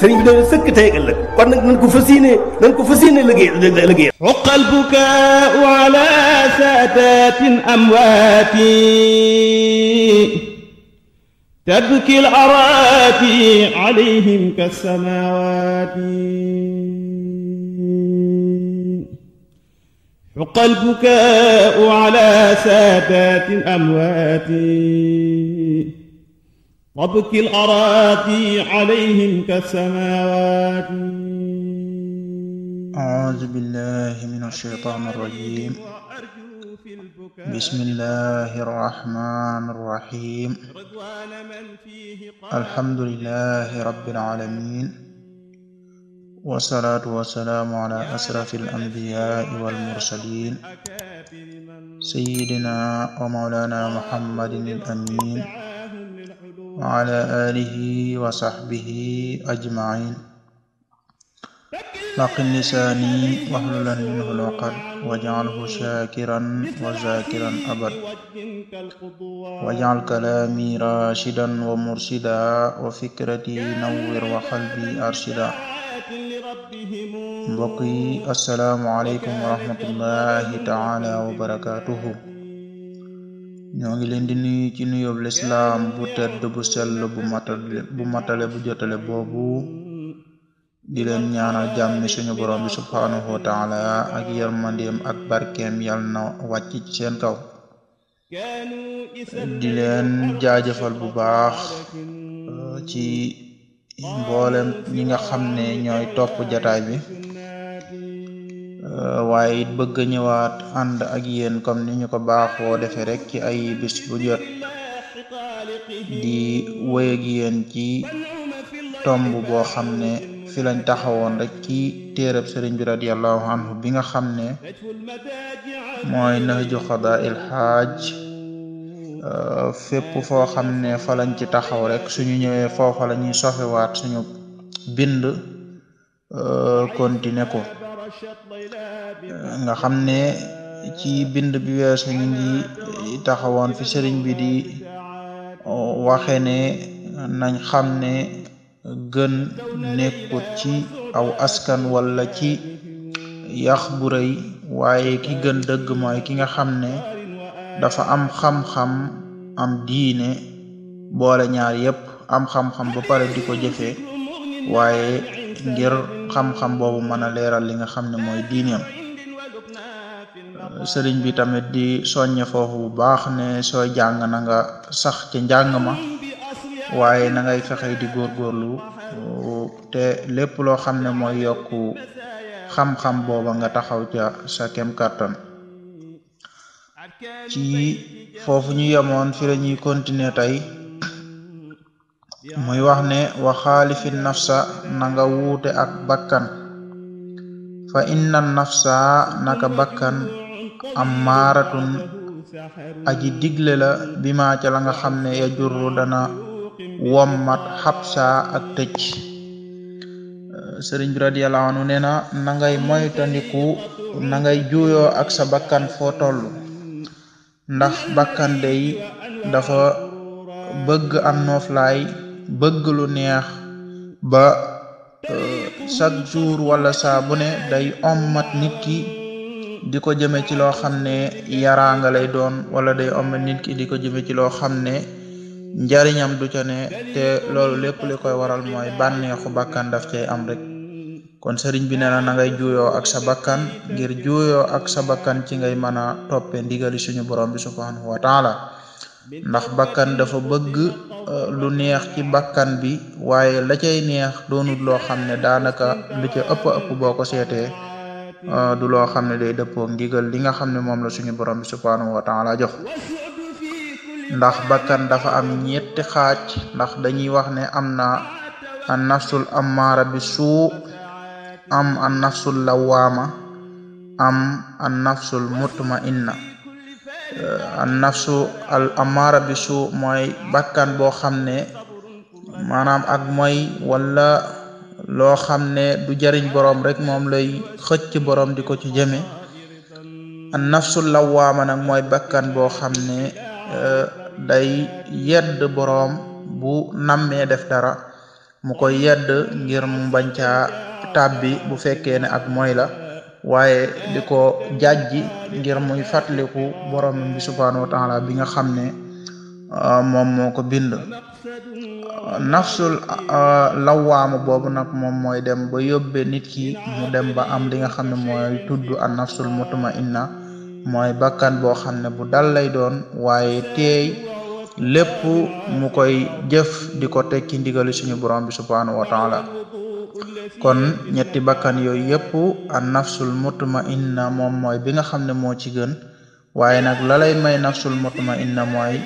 sëriñ bi dañu sëkk tey ëllëg kon nag nañ ko fas yéene nañ ko fas yéene liggéey liggéey uqal bukaau ala saadatin amwaati tabki al araati alayhim kasamawaati uqal bukaau ala saadatin amwaati وابكي الأراضي عليهم كالسماوات أعوذ بالله من الشيطان الرجيم بسم الله الرحمن الرحيم الحمد لله رب العالمين والصلاة والسلام على أشرف الأنبياء والمرسلين سيدنا ومولانا محمد الأمين wa ala alihi wa sahbihi ajmain laqin lisaani wahlulan minhu lwaqad waj'alhu shakiran wa zakiran abad waj'al kalaami rashidan wa mursida wa fikrati nawwir wa qalbi arshida mbokk yi assalaamu aleykum wa rahmatullahi taala wa barakatuhu ñoo ngi leen di nuyu ci nuyoob lislaam bu tedd bu sell bu matale bu matale bu jotale boobu di leen ñaanal jàmmi suñu borom bi subhaanahu taala ak yërmandeem ak barkeem yal na wàcc seen kaw di leen jaajëfal bu baax uh, ci mboolem ñi nga xam ne ñooy topp jataay bi Euh, waaye bëgg ñëwaat ànd ak yéen comme ni ñu ko baaxoo defee rek ci ay bis bu jot di wéy ci tomb boo xam ne fi lañ taxawoon rek ci téereb sëriñ bi radiallahu anhu bi nga xam ne mooy nahju xadaa'il xaaj euh, fépp foo xam ne fa lañ ci taxaw rek suñu ñëwee foofa la ñuy soxewaat suñu bind euh, continuer ko nga xam ne ci bind bi weesu ñu ngi taxawoon fi sëriñ bi di waxe ne nañ xam ne gën nekkut ci aw askan wala ci yax bu rëy waaye ki gën dëgg mooy ki nga xam ne dafa am xam-xam am diine boole ñaar yépp am xam-xam ba pare di ko jëfee ngir xam-xam boobu mën a leeral li nga xam ne mooy diineem sëriñ bi tamit di soññe foofu bu baax ne sooy jàng na nga sax ca njàng ma waaye na ngay fexey di góorgóorlu te lépp loo xam ne mooy yokku xam-xam booba nga taxaw ca sakem kem kàttan ci foofu ñu yemoon fi ñuy continuer tey muy wax ne wa xaalifi nafsa na wuute ak bakkan fa inna nafsa naka bakkan am maaratun aji digle la bi ma la nga xam ne ya jurru dana wommat xabsa ak tëj sëriñ bi radiyallahu anhu nee na na ngay moytandiku na ak sa bakkan foo toll ndax bakkan day dafa bëgg am nooflaay bëgg lu neex ba euh, chaque jour wala saa bu ne day ommat nit ki di ko jëme ci loo xam ne yaraanga lay doon wala day ommat nit ki di ko jëme ci loo xam ne njariñam du ca te loolu lépp li koy waral mooy bànneexu bakkan daf cay am rek kon sëriñ bi nee na na ngay juuyoo ak sa bakkan ngir juuyoo ak sa bakkan ci ngay mën a toppe ndigali suñu borom bi subhanahu wa taala ndax bakkan dafa bëgg euh, lu neex ci bakkan bi waaye la cay neex doonul loo xam ne daanaka lu ca ëpp ëpp boo ko seetee euh, du loo xam ne day dëppoo ndigal li nga xam ne moom la suñu borom bi subhaanahu wa taala jox ndax bakkan dafa am ñetti xaaj ndax dañuy wax ne am na an nafsul ammaara bi suu am an nafsul lawaama am an nafsul mutma inna Euh, an nafsu al amara bi su mooy bakkan boo xam ne maanaam ak moy wala loo xam ne du jariñ boroom rek moom lay xëcc boroom di ko ci jëme an nafsul lawaama nag mooy bakkan boo xam ne euh, day yedd boroom bu nammee def dara mu koy yedd ngir mu bañ caa tàbbi bu fekkee ne ak mooy la waaye di ko jajji ngir muy fàttaliku borom bi subhaanahu wa taala bi nga xam ne uh, moom moo ko bind nafsul uh, lawaamu boobu nag moom mooy dem ba yóbbe nit ki mu dem ba am li nga xam ne mooy tudd an nafsul mutmainna mooy bakkan boo xam ne bu dal lay doon waaye teey lépp mu koy jëf di ko tekki ndigali suñu borom bi subhaanahu wa taala kon ñetti bakkan yooyu yépp an nafsul mutma inna moom mooy bi nga xam ne moo ci gën waaye nag la lay may nafsul mutma inna mooy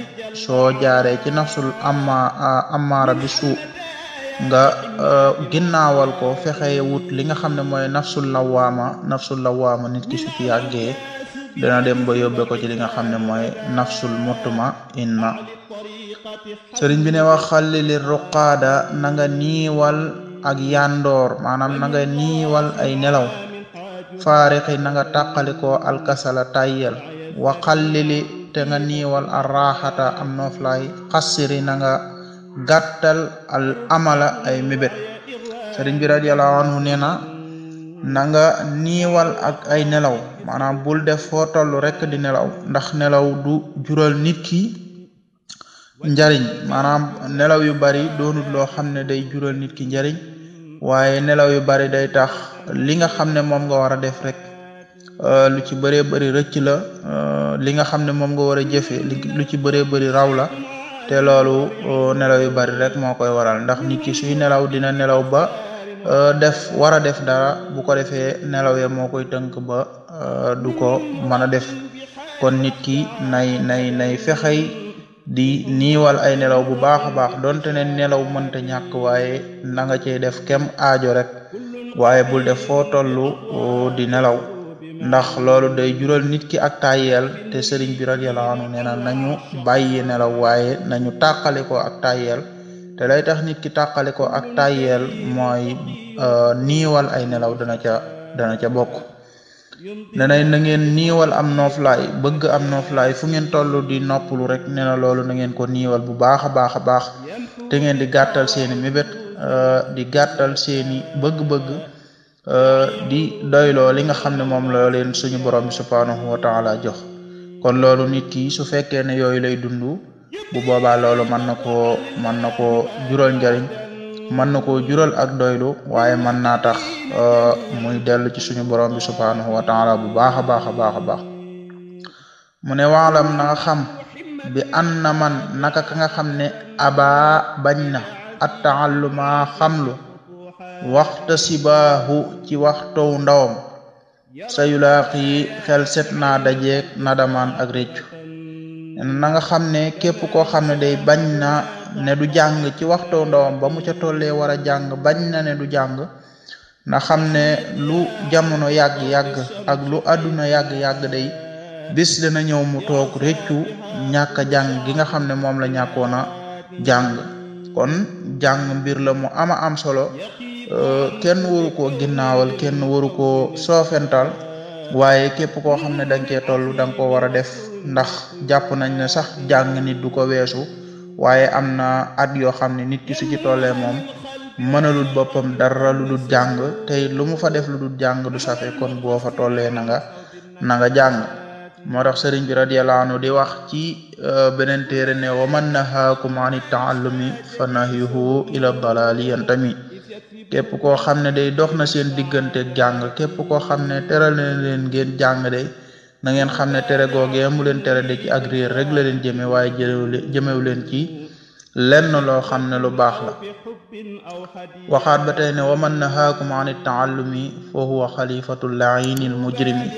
soo jaaree ci nafsul amma ammaara bi suu nga euh, ginnaawal ko fexe wut li nga xam ne mooy nafsul lawaama nafsul lawaama nit ki su ci yàggee dana dem ba yóbbe ko ci li nga xam ne mooy nafsul mutma inna sëriñ bi ne wax xallili ruqaada na ak yandoor maanaam na nga niiwal ay nelaw faarixi na nga tàqalikoo alkasala tayyal wa xallili te nga niiwal a raaxata am nooflaay xassiri na nga al amala ay mébét sëriñ bi radiyallahu anhu nee na na niiwal ak ay nelaw maanaam bul def rekk di nelaw ndax nelaw du jural nit ki njariñ maanaam nelaw yu bari doonut loo xam ne day jural nit ki njariñ waaye nelaw yu bari day tax li nga xam ne moom nga war a def rek euh, lu ci bëree bëri rëcc la euh, li nga xam ne moom nga war a jëfe lu ci bëree bëri raw la te loolu euh, nelaw yu bari rek moo koy waral ndax nit ki suy nelaw dina nelaw ba def war a def dara bu ko defee nelaw ya moo koy tënk ba du ko mën a def kon nit ki nay nay nay fexey di niiwal ay nelaw bu baax a baax donte ne nelaw mënta ñàkk waaye na nga cey def kem aajo rek waaye bul def foo tollu di nelaw ndax loolu de jural nit ki ak tayel te sëriñ bi radiyallahu anhu nee na nañu bàyyi nelaw waaye nañu tàqale ko ak tayel te lay tax nit ki tàqale ko ak tàyyeel mooy euh, niiwal ay nelaw dana ca dana ca bokk ne nay na ngeen niiwal am nooflaay bëgg am nooflaay fu ngeen toll di noppalu rek ne na loolu na ngeen ko niiwal bu baax a baax a baax te ngeen di gàttal seeni mébét euh, di gàttal seeni bëgg-bëgg euh, di doyloo li nga xam ne moom la leen suñu borom bi subhanahu wa taala jox kon loolu nit ki su fekkee ne yooyu lay dundu bu boobaa loolu mën na koo mën na koo jural njariñ mën na ko jural ak doylu waaye mën naa tax Euh, muy dellu ci suñu borom bi subhaanahu wa taala bu baax a baax a baax a baax mu ne waalam na nga xam bi an na man naka ka nga xam ne aba bañ na at taalluma xamlu waxta sibaahu ci waxtow ndawam sa yulaaq xel set na dajeeg nadamaan ak réccu na xam ne képp koo xam ne day bañ na ne du jàng ci waxtow ndawam ba mu ca tollee war a jàng bañ na ne du jàng na xam ne lu jamono yàgg-yàgg ak lu àdduna yàgg-yàgg day bis dana ñëw mu toog réccu ñàkk a jàng gi nga xam ne moom la ñàkkoon a jàng kon jàng mbir la mu ama am solo uh, kenn waru koo ginnaawal kenn waru koo soofental waaye képp koo xam ne danga cee toll da nga ko war a def ndax jàpp nañ ne sax jàng nit du ko weesu waaye am na at yoo xam ne nit ki su moom mënalul boppam dara lu jàng tey lu mu fa def lu dul jàng du safe kon boo fa tollee na nga na nga jàng moo tax sëriñ bi radiyallahu anhu di wax ci euh, beneen téere ne wa man nahaakum ani taallumi fa nahyuhu ila dalaali yantami képp koo xam ne day dox na seen diggante jàng képp koo xam ne teral na leen ngeen jàng day na ngeen xam ne tere googee mu leen tere de ci ak réer rek la leen jëme waaye jëmew leen ci lenn loo xam ne lu baax la waxaat ba tey ne wa man nahaakum an taallumi fa huwa xalifatu lainil mujrimi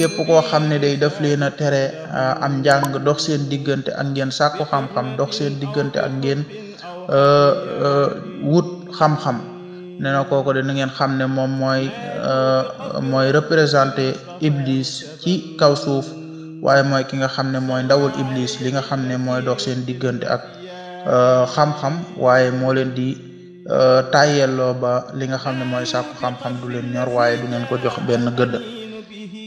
képp koo xam ne day daf leen a tere uh, am njàng dox seen diggante ak ngeen sàkku xam-xam dox seen diggante ak ngeen uh, uh, wut xam-xam ne koko kooku de na ngeen xam ne moom mooy mooy représenté iblis ci kaw suuf waaye mooy ki nga xam ne mooy ndawul iblis li nga xam ne mooy dox seen diggante ak Euh, xam-xam waaye moo leen di euh, tàyyelloo ba li nga xam ne mooy sàkku xam-xam du leen ñor waaye du ngeen ko jox benn gëdd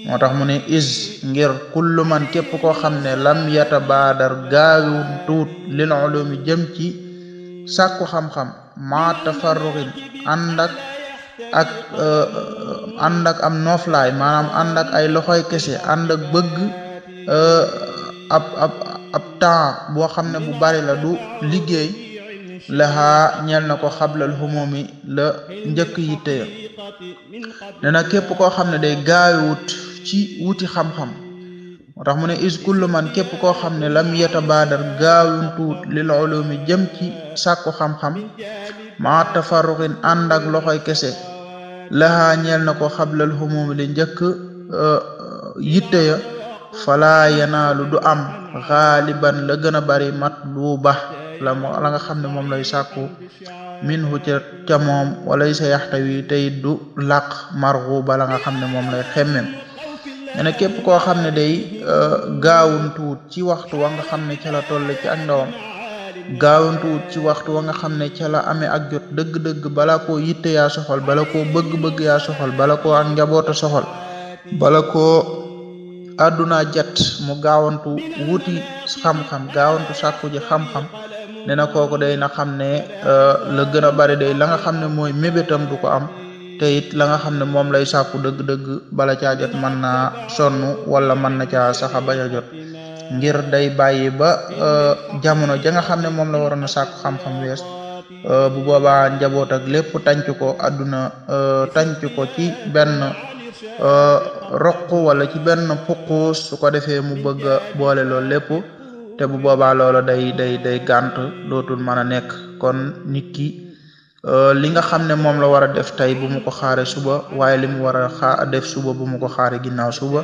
moo tax mu ne is ngir kullu man képp koo xam ne lam yata baadar gaawun tuut lil ulumi jëm ci sàkku xam-xam ma tafarruxin ànd ak euh, ak am nooflaay maanaam ànd ak ay loxoy kese ànd ak bëgg ab temps boo xam ne bu bari la du liggéey laxaa ñeel na ko xablal xumóomi la njëkk yitte ya képp koo xam ne day gaawewut ci wuti xam-xam tax mu ne is kullu man képp koo xam ne lam yatabaadar gaawuntuwut lil ulumi jëm ci sàkku xam-xam ma tafarruqin ànd loxoy kese laxaa ñeel na ko xablal xumóomi la njëkk euh, yitte ya fala yanaalu du am xaaliban la gën a bari matluba la mo la nga xam ne moom lay sàkku min ca ca moom walay sa yaxtawi tey du làq marxuba la nga xam ne moom lay xemmem ne képp koo xam ne day euh, gaawuntuwut ci waxtu wa nga xam ne ca la toll ci ak ndawam gaawantuwut ci waxtu wa nga xam ne ca la amee ak dëgg-dëgg bala koo yitte soxol soxal bala ko bëgg-bëgg ya soxol bala koo ak njaboota soxol bala koo àdduna jat mu gaawantu wuti xam-xam gaawantu sàkku ji xam-xam nee na kooku day na xam ne euh, la gën a bari day la nga xam ne mooy mébétam du ko am te it la nga xam ne moom lay sàkku dëgg-dëgg bala caa jot mën naa sonn wala mën na ca saxa bañ a jot ngir day bàyyi ba euh, jamono ja nga xam ne moom la waroon a sàkku xam-xam wees euh, bu boobaa njaboot ak lépp tànc ko àdduna tànc ko ci benn Euh, roq wala ci benn puquus su ko defee mu bëgg a boole loolu lépp te bu boobaa loola day day day gànt dootul mën a nekk kon nit ki euh, li nga xam ne moom la war a def tey bu mu ko xaare suba waaye li mu war a def suba bu mu ko xaare ginnaaw suba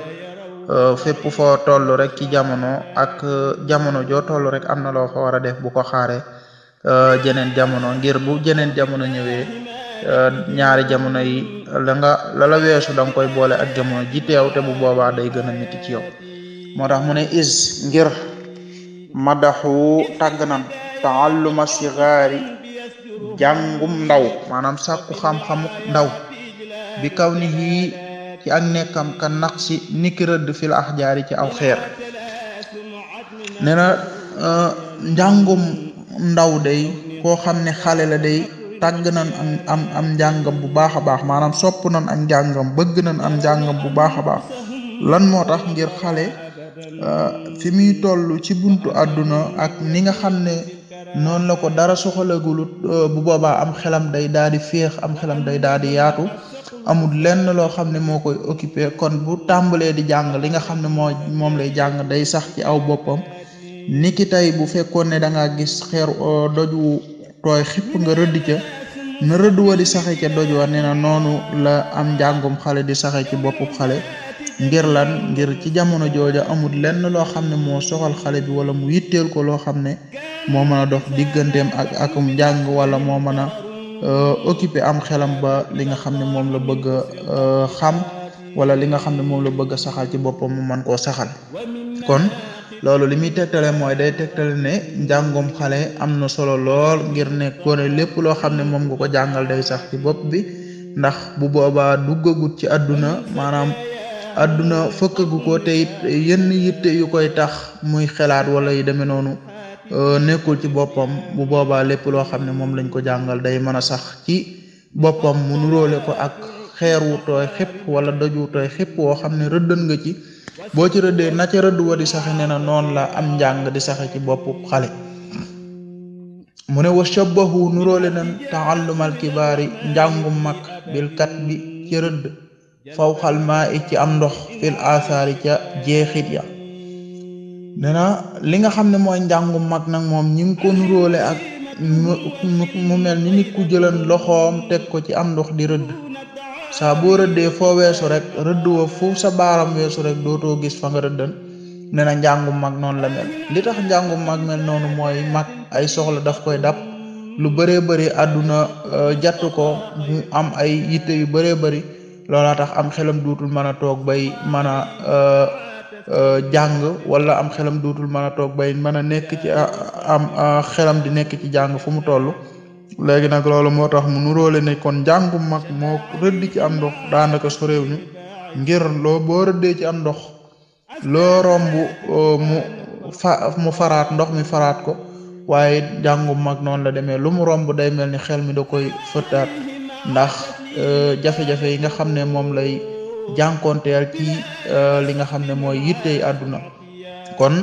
euh, fépp foo toll rek ci jamono ak jamono joo toll rek am na loo fa war a def bu ko xaare jeneen jamono ngir bu jeneen jamono ñëwee Euh, ñaari jamono yi la nga la la weesu da koy boole ak jamono ji te bu boobaa day gën a métti ci yow moo tax mu ne is ngir madaxu tàgg nan taalluma sigaari jàngum ndaw maanaam sàkku xam-xamu ndaw bi kaw ni yii ci ak nekkam ka naq si niki rëdd fil ci aw xeer nee na euh, ndaw day koo xam ne xale la tàgg nan am am am njàngam bu baax a baax maanaam sopp nan am njàngam bëgg nan am njàngam bu baax a baax lan moo tax ngir xale euh, fi muy toll ci buntu àdduna ak ni nga xam ne noonu la ko dara soxalagulut euh, bu boobaa am xelam day daal di féex am xelam day daal di yaatu amul lenn loo xam ne moo koy occupé kon bu tàmbalee di jàng li nga xam ne moo moom lay jàng day sax ci aw boppam niki tey bu fekkoon ne da gis xeer euh, doju tooy xipp nga rëdd ca na rëdd wa di saxe ca doj wa nee na noonu la am njàngum xale di saxe ci boppub xale ngir lan ngir ci jamono jooja amul lenn loo xam ne moo soxal xale bi wala mu yitteel ko loo xam ne moo mën a dox digganteem ak akum njàng wala moo mën a euh, occupé am xelam ba li nga xam ne moom la bëgg a euh, xam wala li nga xam ne moom la bëgg a ci boppam mu mën koo saxal kon loolu li muy tegtale mooy day tegtale ne njàngum xale am na solo lool ngir ne lépp loo xam ne moom nga ko jàngal day sax ci bopp bi ndax bu boobaa duggagut ci àdduna maanaam àdduna fëkkagu ko te it yenn yu koy tax muy xelaat wala yu demee noonu euh, nekkul ci boppam bu boobaa lépp loo xam ne moom lañ ko jàngal day mën a sax ci boppam mu nuroole ko ak xeer wu tooy wala doj wu tooy xépp woo xam ne rëddën nga ci boo ci rëddee na ca rëdd wa di saxe ne na noonu la am njàng di saxe ci boppu xale mu ne wa shabahu nuróole nan taallumal kibaari njàngum mag bil kat bi ci rëdd faw xalmaa i ci am ndox fil asaari ca jeexit ya nee li nga xam ne mooy njàngum mag nag moom ñi ngi ko nuróole ak mu mel ni nit ku jëlan loxoom teg ko ci am ndox di rëdd saa boo rëddee foo weesu rek rëdd wa fu sa baaram weesu rek dootoo gis fa nga rëddan ne na njàngum mag noonu la mel li tax njàngum mag mel noonu mooy mag ay soxla daf koy dab lu bëree bëri àdduna euh, jàtt ko mu am ay yitte yu bëree bëri loolaa tax am xelam duutul mën a toog bay mën a euh, euh, jàng wala am xelam duutul mën a toog bay mën a nekk ci am xelam di nekk ci jàng fu mu toll léegi nag loolu moo tax mu nuróole ne kon njàngum mag moo rëdd ci am ndox daanaka soréew ñu ngir loo boo rëddee ci am ndox loo romb mu faraat ndox mi faraat ko waaye njàngum mag noonu la demee lu mu romb day mel ni xel mi da koy fëttaat ndax e, jafe-jafe yi nga xam ne moom lay jànkonteel ci e, li nga xam ne mooy yittey àdduna kon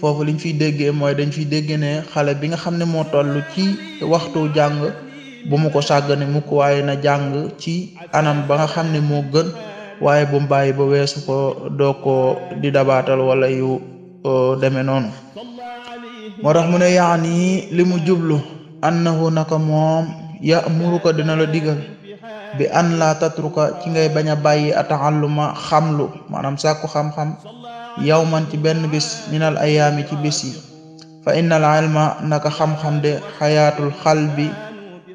foofu liñ fi déggee mooy dañ fiy dégg ne xale bi nga xam ne moo toll ci waxtu jàng bu mu ko sàggane mukk waaye na jàng ci anam ba nga xam ne moo gën waaye bu mu bàyyi ba weesu ko doo ko di dabaatal wala yu uh, demee noonu moo tax mu ne yaani li mu jublu annahu naka moom ya muruka dina la digal bi an la tatruka ci ngay bañ a bàyyi ataalluma xamlu maanaam sàkku xam-xam yawman ci benn bis minal ayaami ci bis yi fa innal ilma naka xam-xam de xayaatul xalbi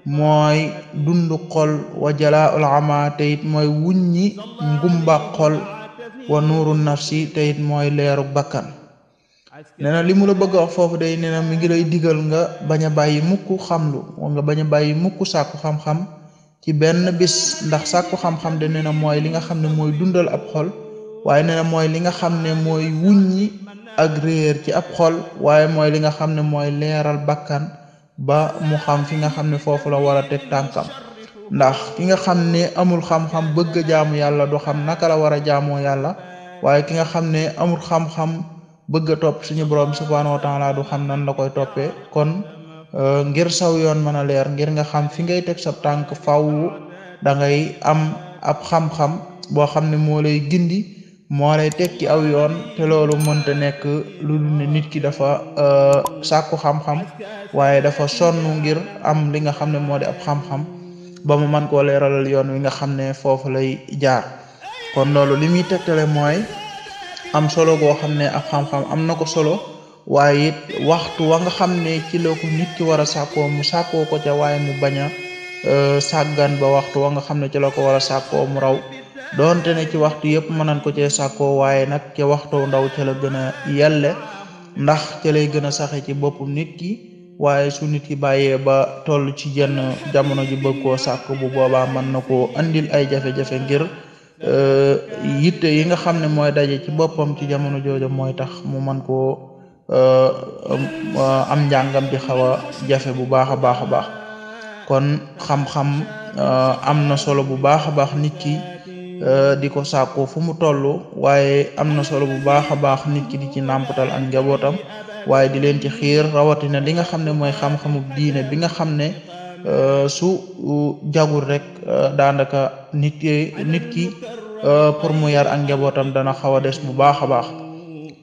mooy dundu xol wa jalaaul ama te it mooy wuññi ngumba xol wa nuuru nafsi te it mooy leeru bakkan nee na li mu bëgg a wax foofu day nee mi ngi lay digal nga bañ a bàyyi mukk xamlu nga bañ a bàyyi mukk sàkku xam-xam ci benn bis ndax sàkku xam-xam de nena mooy li nga xam ne mooy dundal ab xol waaye na mooy li nga xam ne mooy wuññi ak ci ab xol waaye mooy li nga xam ne mooy leeral bakkan ba mu xam fi nga xam ne foofu la war a teg tànkam ndax ki nga xam ne amul xam-xam bëgg a jaamu yàlla du xam naka la war a jaamoo yàlla waaye ki nga xam ne amul xam bëgg a topp suñu borom subhaanahu wa taala xam nan la koy toppee kon euh, ngir saw yoon mën a leer ngir nga xam fi ngay teg sa tànk faaw da ngay am ab xam-xam boo xam ne moo lay gindi. moo lay teg ci aw yoon te loolu mënta nekk lu dul ne nit ki dafa euh, sàkku xam-xam waaye dafa sonn ngir am li nga xam ne moo de ab xam-xam ba mu mën koo leeralal yoon wi nga xam ne foofu lay jaar kon loolu li muy tegtale mooy am solo goo xam ne ab xam-xam am na ko solo waaye it waxtu wa nga xam ne ci la ko nit war a sàkkoo mu sàkkoo ko ca waaye mu bañ a euh, sàggan ba waxtu wa nga xam ne ci la ko war a mu raw doonte ne ci waxtu yëpp mën nañ ko cee sàkkoo waaye nag ca waxtu ndaw ca la gën a yelle ndax ca lay gën a saxe ci boppum nit ki waaye su nit ki bàyyee ba toll ci jenn jamono ji bëgg koo sàkk bu boobaa mën na koo andil ay jafe-jafe ngir euh, yitte yi nga xam ne mooy daje ci boppam ci jamono jooju mooy tax mu mën koo euh, euh, am njàngam di xaw a jafe bu baax a baax a baax kon xam-xam am na solo bu baax a baax nit ki Euh, di ko sàkkoo fu mu toll waaye am na solo bu baax a baax nit ki di ci nàmpatal ak njabootam waaye di leen ci xiir rawatina li nga xam ne mooy xam-xamu diine bi nga xam ne euh, su jagul rek euh, daanaka nit ki nit ki pour mu yar ak njabootam xaw des bu baax a baax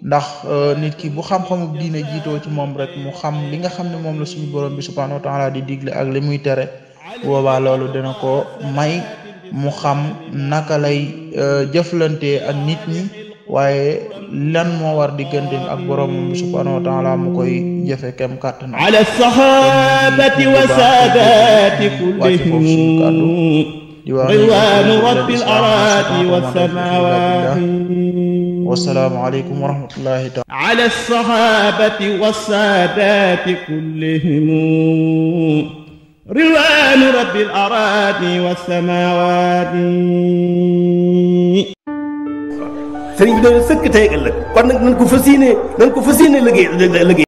ndax nit ki bu xam-xamu diine jiitoo ci moom rek mu xam li nga xam ne moom la suñu borom bi subhanahu di digle ak li muy tere boobaa loolu dina ko may mu xam naka lay euh, jaflante ak nit ñi waaye lan moo war diggante ak borom subhanahu wa mu koy jëfe kem kàttan ala sahabati wa saadati kullihim ridwanu rabbil aradi was samawati wassalaamu aleykum wa rahmatullahi taala ala sahabati wa saadati ridwaanu rabbil araadi wasamaawaati sëriñ bi de sëkk tey ak ëllëg kon nag nañ ko fas yéene nañ ko fas yéene liggéey liggéey